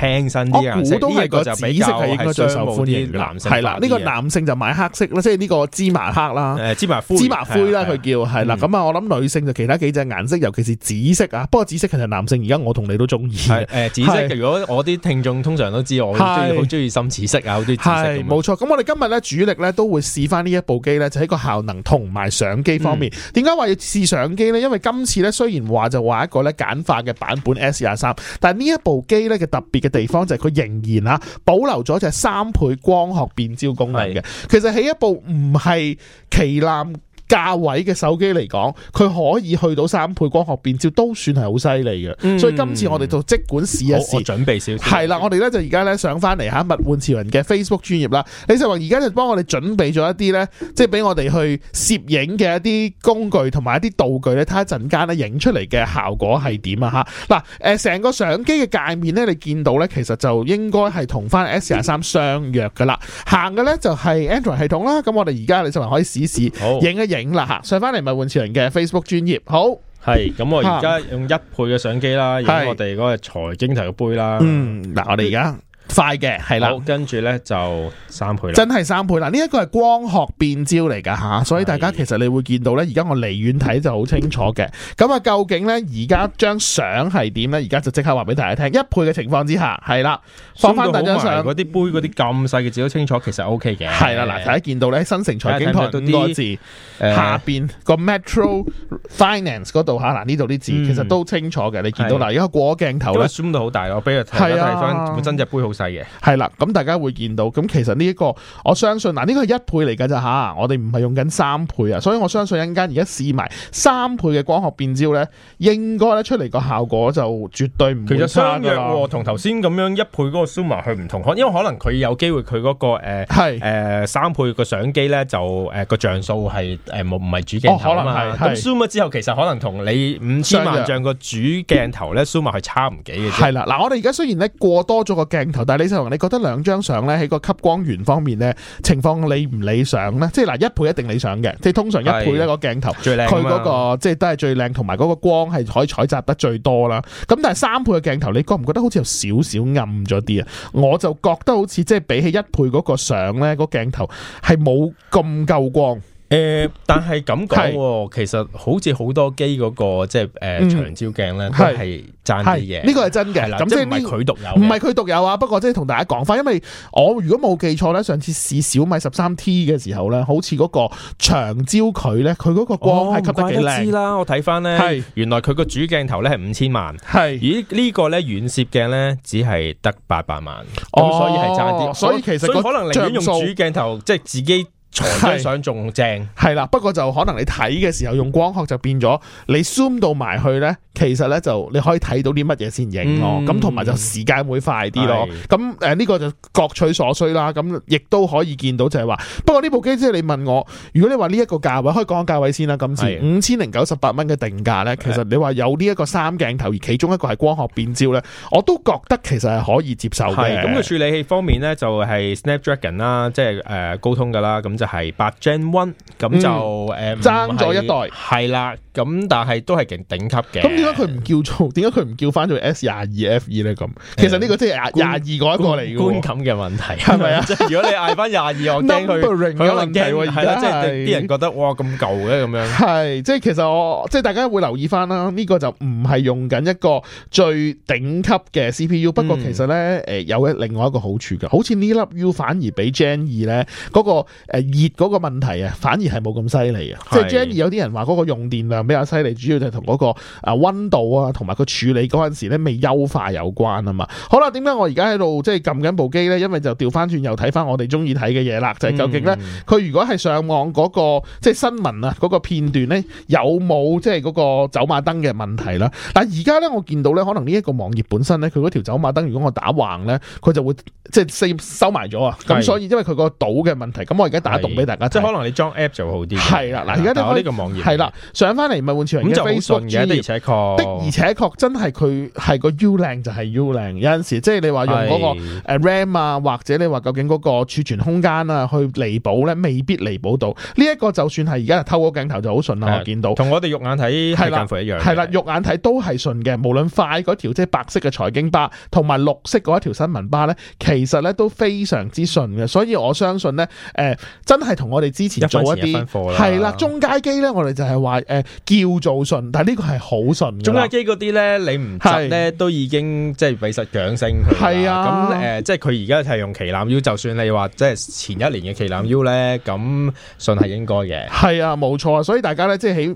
輕身啲嘅顏色。呢一個就比較係最受歡迎嘅男性係啦。呢個男性就買黑色啦，即係呢個芝麻黑啦，芝麻灰，芝麻灰啦佢叫係啦。咁啊我諗女性就其他幾隻顏色，尤其是紫色啊，不過紫色。其實男性而家我同你都中意，係誒、呃、紫色。如果我啲聽眾通常都知道，我好中意深紫色啊，好中意紫色。冇錯。咁我哋今日咧主力咧都會試翻呢一部機咧，就喺個效能同埋相機方面。點解話要試相機咧？因為今次咧雖然話就話一個咧簡化嘅版本 S23，但係呢一部機咧嘅特別嘅地方就係佢仍然啦保留咗就係三倍光學變焦功能嘅。其實喺一部唔係旗艦。價位嘅手機嚟講，佢可以去到三倍光學變焦都算係好犀利嘅，所以今次我哋就即管試一試。準備少少。係啦，我哋咧就而家咧上翻嚟吓，物玩潮人嘅 Facebook 專頁啦。李世雲而家就幫我哋準備咗一啲咧，即係俾我哋去攝影嘅一啲工具同埋一啲道具咧，睇吓陣間咧影出嚟嘅效果係點啊吓。嗱、呃，誒成個相機嘅界面咧，你見到咧，其實就應該係同翻 S 廿三相約噶啦。行嘅咧就係 Android 系統啦。咁我哋而家李世雲可以試試影一影。啦吓，上翻嚟咪換潮人嘅 Facebook 專頁，好，係咁我而家用一倍嘅相機啦，用、嗯、我哋嗰個財經台嘅杯啦，嗯，嗱我哋而家。快嘅係啦，跟住咧就三倍，真係三倍啦！呢一個係光學變焦嚟噶吓，所以大家其實你會見到咧，而家我離遠睇就好清楚嘅。咁啊，究竟咧而家張相係點咧？而家就即刻話俾大家聽，一倍嘅情況之下係啦，放翻第二張相，嗰啲杯嗰啲咁細嘅字都清楚，其實 O K 嘅。係啦，嗱大家見到咧，新城財經台五個字，啊、下邊、啊、個 Metro Finance 嗰度吓，嗱呢度啲字、嗯、其實都清楚嘅。你見到啦而家過咗鏡頭咧，zoom 到好大，我俾佢睇一睇翻，真隻、啊、杯好係嘅，係啦，咁大家會見到，咁其實呢、這、一個，我相信嗱，呢個係一倍嚟噶咋吓，我哋唔係用緊三倍啊，所以我相信陣間而家試埋三倍嘅光學變焦咧，應該咧出嚟個效果就絕對唔會差噶。其實相約同頭先咁樣一倍嗰個 zoom 佢唔同，因為可能佢有機會佢嗰、那個誒係誒三倍個相機咧就誒個、呃、像素係誒唔係主鏡頭、哦、可能啊嘛，咁 zoom 之後其實可能同你五千萬像個主鏡頭咧 zoom 係差唔幾嘅，係啦，嗱我哋而家雖然咧、嗯、過多咗個鏡頭。但李世雄，你覺得兩張相咧喺個吸光源方面咧情況理唔理想咧？即係嗱，一倍一定理想嘅，即係通常一倍咧個鏡頭，是最靚佢、啊嗰個即係都係最靚，同埋嗰個光係可以採集得最多啦。咁但係三倍嘅鏡頭，你覺唔覺得好似有少少暗咗啲啊？我就覺得好似即係比起一倍嗰、嗰個相咧，個鏡頭係冇咁夠光。誒、呃，但係咁講，其實好似好多機嗰、那個、呃這個、即係誒長焦鏡咧，都係爭啲嘅呢個係真嘅。咁即係唔係佢獨有，唔係佢獨有啊。不過即係同大家講翻，因為我如果冇記錯咧，上次試小米十三 T 嘅時候咧，好似嗰個長焦佢咧，佢嗰個光係吸得幾靚啦。我睇翻咧，原來佢個主鏡頭咧係五千萬，係咦呢個咧遠攝鏡咧只係得八百萬，咁、哦、所以係爭啲。所以其實所以可能寧願用主鏡頭，哦、即係自己。睇相仲正係啦，不過就可能你睇嘅時候用光學就變咗，你 zoom 到埋去咧，其實咧就你可以睇到啲乜嘢先影咯。咁同埋就時間會快啲咯。咁誒呢個就各取所需啦。咁、嗯、亦都可以見到就係話，不過呢部機即係你問我，如果你話呢一個價位，可以講下價位先啦。今次五千零九十八蚊嘅定價咧，其實你話有呢一個三鏡頭，而其中一個係光學變焦咧，我都覺得其實係可以接受嘅。咁、那個處理器方面咧就係、是、Snapdragon 啦，即係誒高通噶啦咁。嗯就係、是、八 Gen One 咁就誒爭咗一代係啦，咁、嗯、但係都係勁頂級嘅。咁點解佢唔叫做？點解佢唔叫翻做 S 廿二 F 二咧？咁其實呢個即係廿廿二一個嚟嘅、嗯、觀感嘅問題係咪啊？ 如果你嗌翻廿二，我驚佢可能驚係啦，即係啲人覺得哇咁舊嘅咁樣。係即係其實我即係大家會留意翻啦。呢、呢個就唔係用緊一個最頂級嘅 CPU，不過其實咧誒有另外一個好處嘅好似呢粒 U 反而比 Gen 二咧嗰、嗰個誒。呃熱嗰個問題啊，反而係冇咁犀利啊！即係 Jenny 有啲人話嗰個用電量比較犀利，主要就係同嗰個啊溫度啊，同埋佢處理嗰陣時咧未優化有關啊嘛。好啦，點解我而家喺度即係撳緊部機咧？因為就調翻轉又睇翻我哋中意睇嘅嘢啦，就係、是、究竟咧佢、嗯、如果係上網嗰、嗰個即係新聞啊嗰個片段咧，有冇即係嗰個走馬燈嘅問題啦？但係而家咧我見到咧，可能呢一個網頁本身咧，佢嗰條走馬燈，如果我打橫咧，佢就會即係四收埋咗啊。咁所以因為佢個倒嘅問題，咁我而家打。用俾大家，即係可能你裝 app 就好啲。係啦，嗱而家都係呢個網頁係啦，上翻嚟咪換轉人。咁就好順嘅，的而且確，確、嗯、的而且確真係佢係個 U 靚就係 U 靚。有陣時即係你話用嗰個 RAM 啊，或者你話究竟嗰個儲存空間啊，去彌補咧，未必彌補到。呢、這、一個就算係而家透過鏡頭就好順啦、嗯，我見到。同我哋肉眼睇係一樣係啦，肉眼睇都係順嘅。無論快嗰條即係、就是、白色嘅財經巴，同埋綠色嗰一條新聞巴咧，其實咧都非常之順嘅。所以我相信咧，呃真係同我哋之前做一啲，係啦，中階機咧，我哋就係話誒叫做順，但係呢個係好順。中階機嗰啲咧，你唔執咧都已經即係比實掌聲。係係啊，咁誒、呃，即係佢而家係用旗艦 U，就算你話即係前一年嘅旗艦 U 咧，咁順係應該嘅。係啊，冇錯，所以大家咧即係喺誒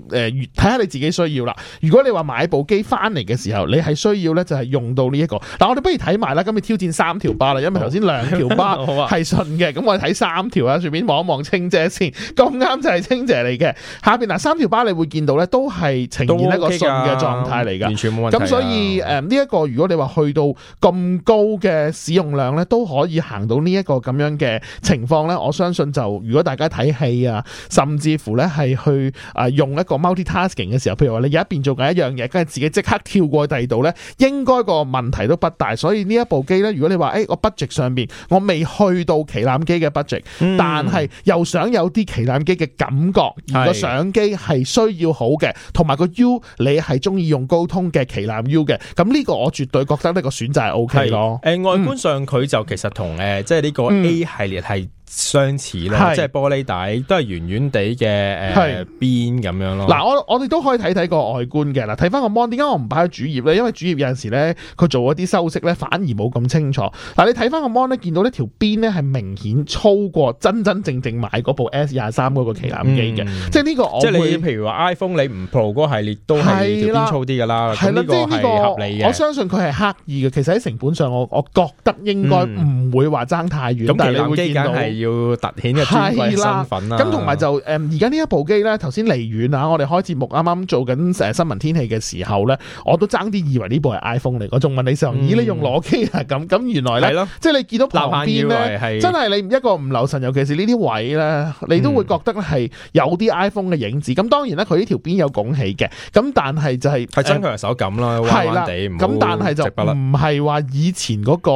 睇下你自己需要啦。如果你話買部機翻嚟嘅時候，你係需要咧就係、是、用到呢、這、一個。但我哋不如睇埋啦，今日挑戰三條巴啦，因為頭先兩條巴係順嘅，咁我哋睇三條啊，順便望。望望清姐先，咁啱就係清姐嚟嘅。下邊嗱三條巴你會見到咧，都係呈現一個順嘅狀態嚟噶，完全冇問題。咁所以誒呢一個，如果你話去到咁高嘅使用量咧，都可以行到呢一個咁樣嘅情況咧。我相信就如果大家睇戲啊，甚至乎咧係去誒、啊、用一個 multi-tasking 嘅時候，譬如話你有一邊做緊一樣嘢，跟住自己即刻跳過去第二度咧，應該個問題都不大。所以呢一部機咧，如果你話誒、哎、我 budget 上邊我未去到旗艦機嘅 budget，但係又想有啲旗艦機嘅感覺，而個相機係需要好嘅，同埋個 U 你係中意用高通嘅旗艦 U 嘅，咁呢個我絕對覺得呢個選擇係 OK 咯。誒、呃，外觀上佢就其實同誒即係呢個 A 系列係，相似啦，即係玻璃底，都係圓圓地嘅，誒邊咁樣咯。嗱，我我哋都可以睇睇個外觀嘅啦。睇翻個 mon，點解我唔擺喺主頁咧？因為主頁有陣時咧，佢做一啲修飾咧，反而冇咁清楚。嗱，你睇翻個 mon 咧，見到條邊呢條邊咧係明顯粗過真真正正正買嗰部 S 廿三嗰個旗艦機嘅，即係呢個我會即你譬如話 iPhone 你唔 Pro 嗰個系列都係條邊粗啲噶啦，係即呢個合理嘅。我相信佢係刻意嘅，其實喺成本上我，我我覺得應該唔會話爭太遠。咁、嗯、係。但你會見到要突顯嘅尊貴身份啦、啊。咁同埋就誒，而家呢一部機咧，頭先離遠啊，我哋開節目啱啱做緊新聞天氣嘅時候咧，我都爭啲以為呢部係 iPhone 嚟。我仲問你上、嗯，咦？你用裸機啊？咁咁原來呢，即係你見到旁邊咧，真係你一個唔留神，尤其是呢啲位咧，你都會覺得係有啲 iPhone 嘅影子。咁、嗯、當然咧，佢呢條邊有拱起嘅。咁但係就係、是、係增強手感啦，嗯、彎彎。咁但係就唔係話以前嗰個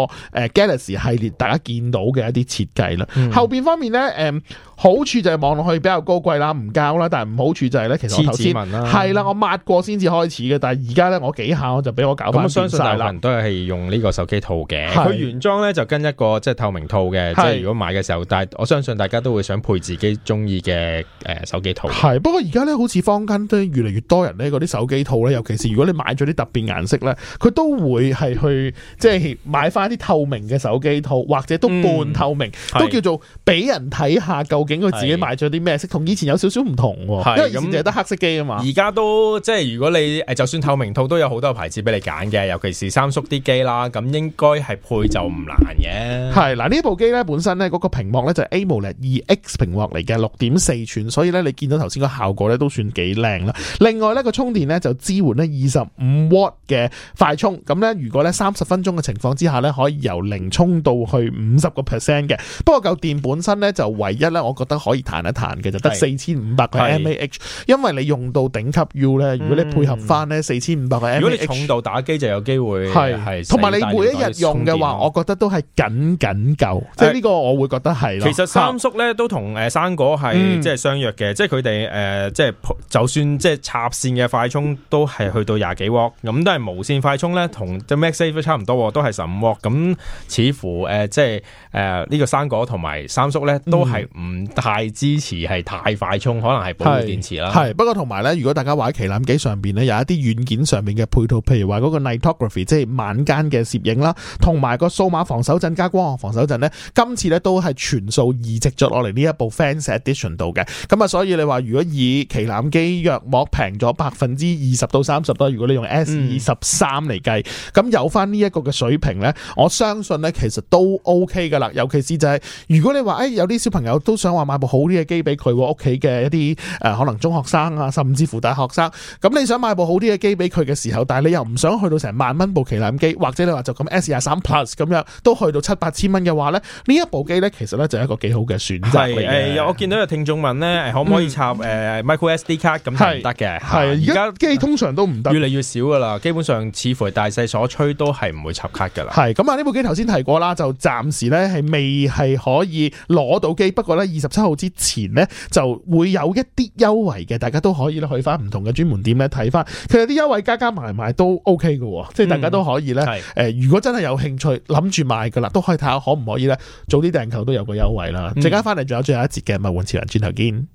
Galaxy 系列大家見到嘅一啲設計啦。後邊方面咧，誒、嗯，好處就係望落去比較高貴啦，唔交啦。但係唔好處就係咧，其實我頭先係啦，我抹過先至開始嘅。但係而家咧，我幾下我就俾我搞翻晒啦。相信大家都係用呢個手機套嘅，佢原裝咧就跟一個即係透明套嘅。即係如果買嘅時候，但係我相信大家都會想配自己中意嘅誒手機套。係不過而家咧，好似坊間都越嚟越多人咧，嗰啲手機套咧，尤其是如果你買咗啲特別顏色咧，佢都會係去即係、就是、買翻啲透明嘅手機套，或者都半透明，嗯、都叫做。俾人睇下究竟佢自己買咗啲咩色，同以前有少少唔同。因為以前就得黑色機啊嘛。而家都即係，如果你誒就算透明套都有好多牌子俾你揀嘅，尤其是三叔啲機啦，咁應該係配就唔難嘅。係。嗱呢部機咧，本身咧嗰個屏幕咧就係 AMOLED 2X 屏幕嚟嘅，六點四寸，所以咧你見到頭先個效果咧都算幾靚啦。另外咧個充電咧就支援咧二十五 watt 嘅快充，咁咧如果咧三十分鐘嘅情況之下咧可以由零充到去五十個 percent 嘅，不過夠電。本身咧就唯一咧，我覺得可以彈一彈嘅就得四千五百個 mAh，因為你用到頂級 U 咧、嗯，如果你配合翻呢四千五百個，如果你重度打機就有機會，係同埋你每一日用嘅話，我覺得都係緊緊夠，即係呢個我會覺得係。其實三叔咧、啊、都同誒、呃、生果係即係相約嘅、嗯，即係佢哋誒即係就算即係、就是、插線嘅快充都係去到廿幾瓦，咁都係無線快充咧，同 MagSafe 差唔多，都係十五瓦。咁似乎誒即係誒呢個生果同埋。三叔咧都係唔太支持，係、嗯、太快充，可能係保護電池啦。係不過同埋咧，如果大家話喺旗艦機上邊咧，有一啲軟件上面嘅配套，譬如話嗰個 Nightography 即係晚間嘅攝影啦，同埋個數碼防守陣加光學防守陣咧，今次咧都係全數移植咗落嚟呢一部 fans edition 度嘅。咁啊，所以你話如果以旗艦機約莫平咗百分之二十到三十多，如果你用 S 二十三嚟計，咁、嗯、有翻呢一個嘅水平咧，我相信咧其實都 OK 噶啦。尤其是就係如果，你話誒、哎，有啲小朋友都想話買部好啲嘅機俾佢屋企嘅一啲誒、呃，可能中學生啊，甚至乎大學生。咁你想買部好啲嘅機俾佢嘅時候，但係你又唔想去到成萬蚊部旗艦機，或者你話就咁 S 廿三 Plus 咁樣都去到七八千蚊嘅話咧，呢一部機咧其實咧就係一個幾好嘅選擇嚟嘅。我見到有聽眾問咧、嗯，可唔可以插誒 micro SD 卡？咁都唔得嘅。係而家機通常都唔得，越嚟越少噶啦。基本上，似乎係大勢所趨都係唔會插卡噶啦。係咁啊！呢部機頭先提過啦，就暫時咧係未係可以。攞到機，不過呢，二十七號之前呢，就會有一啲優惠嘅，大家都可以咧去翻唔同嘅專門店咧睇翻，其實啲優惠加加埋埋都 OK 嘅，即、嗯、係大家都可以呢，誒，如果真係有興趣諗住買噶啦，都可以睇下可唔可以呢，早啲訂購都有個優惠啦，陣間翻嚟仲有最後一節嘅物玩潮人，轉頭見，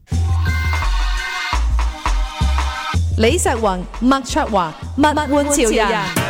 李石雲、麥卓華、物玩潮人。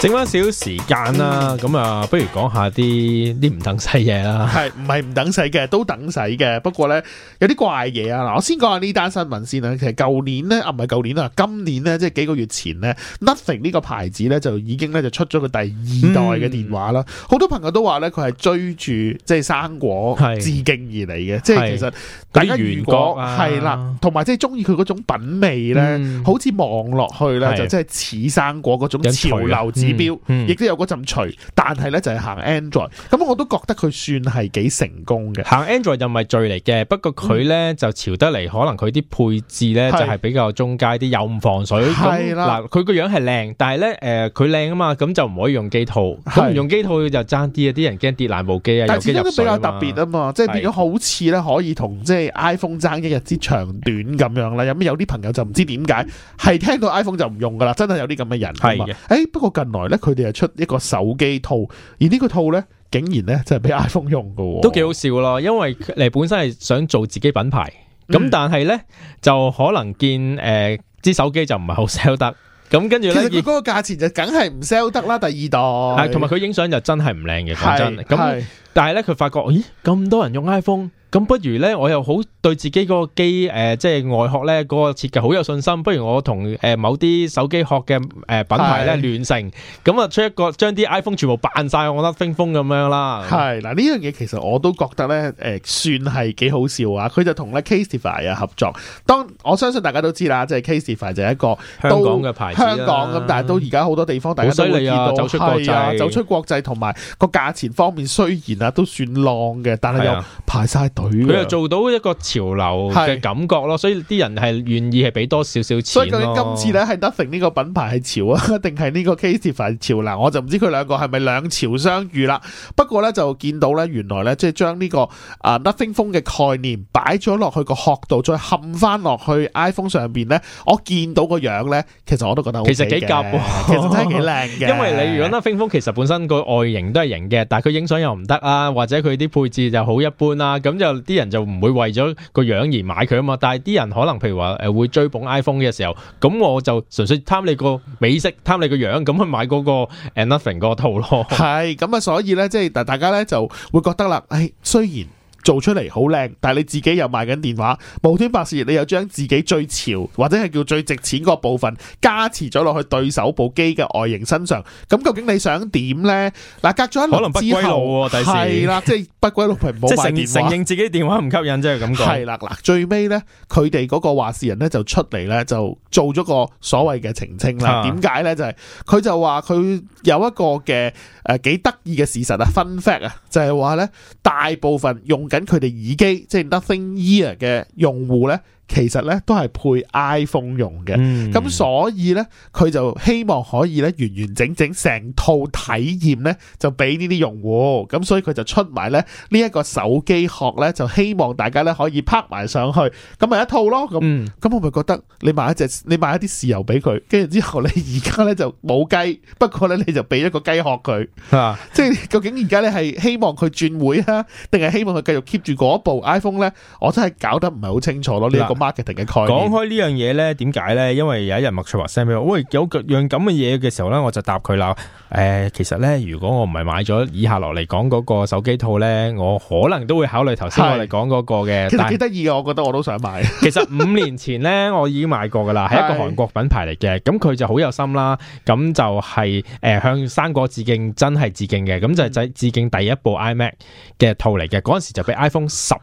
剩翻少少時間啦，咁啊，不如講下啲啲唔等洗嘢啦。係，唔係唔等洗嘅，都等洗嘅。不過咧，有啲怪嘢啊。嗱，我先講下呢單新聞先啦。其實舊年咧，啊唔係舊年啦，今年咧，即係幾個月前咧，Nothing 呢個牌子咧就已經咧就出咗個第二代嘅電話啦。好、嗯、多朋友都話咧佢係追住即係生果致敬而嚟嘅，即係其實大家如果係啦，同埋、啊、即係中意佢嗰種品味咧、嗯，好似望落去咧就即係似生果嗰種潮流。亦、嗯、都、嗯、有嗰陣脆，但係咧就係、是、行 Android，咁我都覺得佢算係幾成功嘅。行 Android 又唔係最嚟嘅，不過佢咧、嗯、就潮得嚟，可能佢啲配置咧就係、是、比較中階啲，又唔防水。係、嗯、啦，嗱，佢個樣係靚，但係咧佢靚啊嘛，咁就唔可以用機套。咁唔用機套就爭啲啊！啲人驚跌爛部機啊，但有但係始終都比較特別啊嘛，即係、就是、變咗好似咧可以同即係 iPhone 爭一日之長短咁樣啦。有咩有啲朋友就唔知點解係聽到 iPhone 就唔用㗎啦。真係有啲咁嘅人、欸、不過近咧佢哋係出一個手機套，而呢個套咧竟然咧就係俾 iPhone 用喎，都幾好笑咯。因為你本身係想做自己品牌，咁 但係咧就可能見誒支、呃、手機就唔係好 sell 得，咁跟住咧如嗰個價錢就梗係唔 sell 得啦。第二代係同埋佢影相就真係唔靚嘅，講真。咁但係咧佢發覺咦咁多人用 iPhone。咁不如咧，我又好對自己個個機、呃、即係外殼咧個個設計好有信心。不如我同、呃、某啲手機殼嘅品牌咧聯成，咁啊出一個將啲 iPhone 全部扮晒。我覺得冰封咁樣啦。係嗱，呢樣嘢其實我都覺得咧算係幾好笑啊！佢就同咧 Casetify 合作。當我相信大家都知啦，即係 Casetify 就係、是、一個香港嘅牌子。香港咁，但係都而家好多地方、啊、大家都會見到走出國際，走出國際，同埋個價錢方面雖然啊都算浪嘅，但係又排晒。佢又做到一個潮流嘅感覺咯，所以啲人係願意係俾多少少錢。所以究竟今次咧係 Nothing 呢個品牌係潮啊，定係呢個 CASETiFY 係潮流？我就唔知佢兩個係咪兩潮相遇啦。不過咧就見到咧，原來咧即係將呢個啊 Nothing 風嘅概念擺咗落去個殼度，再冚翻落去 iPhone 上邊咧，我見到個樣咧，其實我都覺得其實幾夾，其實真係幾靚嘅。因為你如果 Nothing 風其實本身個外形都係型嘅，但係佢影相又唔得啊，或者佢啲配置就好一般啦，咁就。啲人就唔會為咗個樣而買佢啊嘛，但係啲人可能譬如話誒、呃、會追捧 iPhone 嘅時候，咁我就純粹貪你個美色，貪你個樣，咁去買嗰個 Nothing 嗰套咯。係咁啊，所以咧即係但大家咧就會覺得啦，誒雖然。做出嚟好靚，但係你自己又賣緊電話，無端白事，你又將自己最潮或者係叫最值錢嗰部分加持咗落去對手部機嘅外形身上，咁究竟你想點呢？嗱，隔咗一兩年，可能不歸路喎、啊，第四啦，即係不歸路，唔 好賣電話。承承認自己電話唔吸引，即係咁講。係啦，嗱，最尾呢，佢哋嗰個話事人呢就出嚟呢，就做咗個所謂嘅澄清啦。點、啊、解呢？就係、是、佢就話佢有一個嘅誒幾得意嘅事實啊，Fun fact 啊，就係話呢，大部分用緊。等佢哋耳機，即係 Nothing Ear 嘅用戶咧。其實咧都係配 iPhone 用嘅，咁、嗯、所以呢，佢就希望可以咧完完整整成套體驗呢，就俾呢啲用戶，咁所以佢就出埋咧呢一個手機殼呢，就希望大家呢可以啪埋上去，咁咪一套咯。咁、嗯、咁我咪覺得你買一隻，你買一啲豉油俾佢，跟住之後你而家呢就冇雞，不過呢你就俾一個雞殼佢， 即究竟而家呢係希望佢轉會啊，定係希望佢繼續 keep 住嗰部 iPhone 呢？我真係搞得唔係好清楚咯，呢、個講開嘅概講開呢樣嘢呢，點解呢？因為有一日麥翠華 send 俾我，喂有樣樣咁嘅嘢嘅時候呢，我就答佢啦。誒、呃，其實呢，如果我唔係買咗以下落嚟講嗰個手機套呢，我可能都會考慮頭先我哋講嗰個嘅。其實幾得意嘅，我覺得我都想買。其實五年前呢， 我已經買過噶啦，係一個韓國品牌嚟嘅。咁佢就好有心啦，咁就係誒向三果致敬，真係致敬嘅。咁就係致敬第一部 iMac 嘅套嚟嘅。嗰陣時就比 iPhone 十。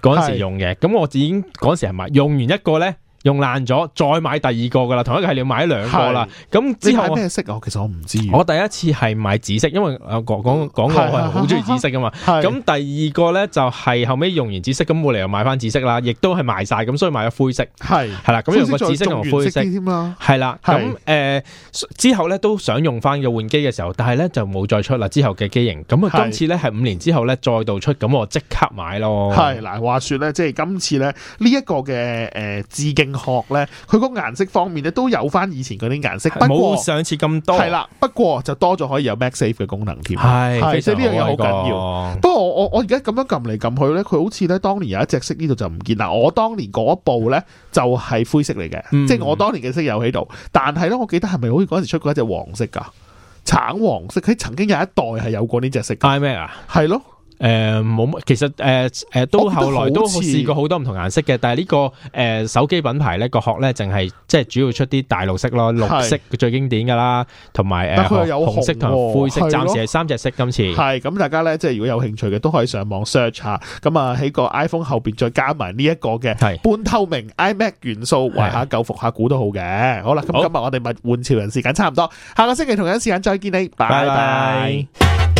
嗰陣時用嘅，咁我已經嗰陣時係咪用完一個咧？用爛咗，再買第二個噶啦，同一個係你買兩個啦。咁之後你買咩色？其實我唔知。我第一次係買紫色，因為誒講講講我係好中意紫色噶嘛。咁第二個咧就係、是、後尾用完紫色，咁冇理由又買翻紫色啦，亦都係賣晒，咁所以買咗灰色。係係啦，咁用個紫色同灰色啲添係啦，咁誒、呃、之後咧都想用翻個換機嘅時候，但係咧就冇再出啦之後嘅機型。咁啊，今次咧係五年之後咧再度出，咁我即刻買咯。係嗱，話說咧，即係今次咧呢一、這個嘅誒、呃、致敬。殼咧，佢個顏色方面咧都有翻以前嗰啲顏色，不過上次咁多係啦，不過就多咗可以有 MagSafe 嘅功能添。係，呢樣嘢好緊要。不過我我我而家咁樣撳嚟撳去咧，佢好似咧當年有一隻色呢度就唔見啦。我當年嗰一部咧就係灰色嚟嘅，即、嗯、係、就是、我當年嘅色有喺度。但係咧，我記得係咪好似嗰時出過一隻黃色噶，橙黃色？佢曾經有一代係有過呢隻色。iMac 啊，係咯。誒、呃，冇乜，其實誒，誒、呃，都後來都試過很多不好多唔同顏色嘅，但係呢、這個誒、呃、手機品牌咧個殼咧，淨係即係主要出啲大陸色咯，綠色最經典噶啦，同埋誒紅色同灰色，暫時係三隻色今次。係咁，大家呢即係如果有興趣嘅，都可以上網 search 下，咁啊喺個 iPhone 後邊再加埋呢一個嘅半透明 iMac 元素，懷下舊、復下古都好嘅。好啦，咁今日我哋物玩潮人時間差唔多，下個星期同樣時間再見你，拜拜。Bye bye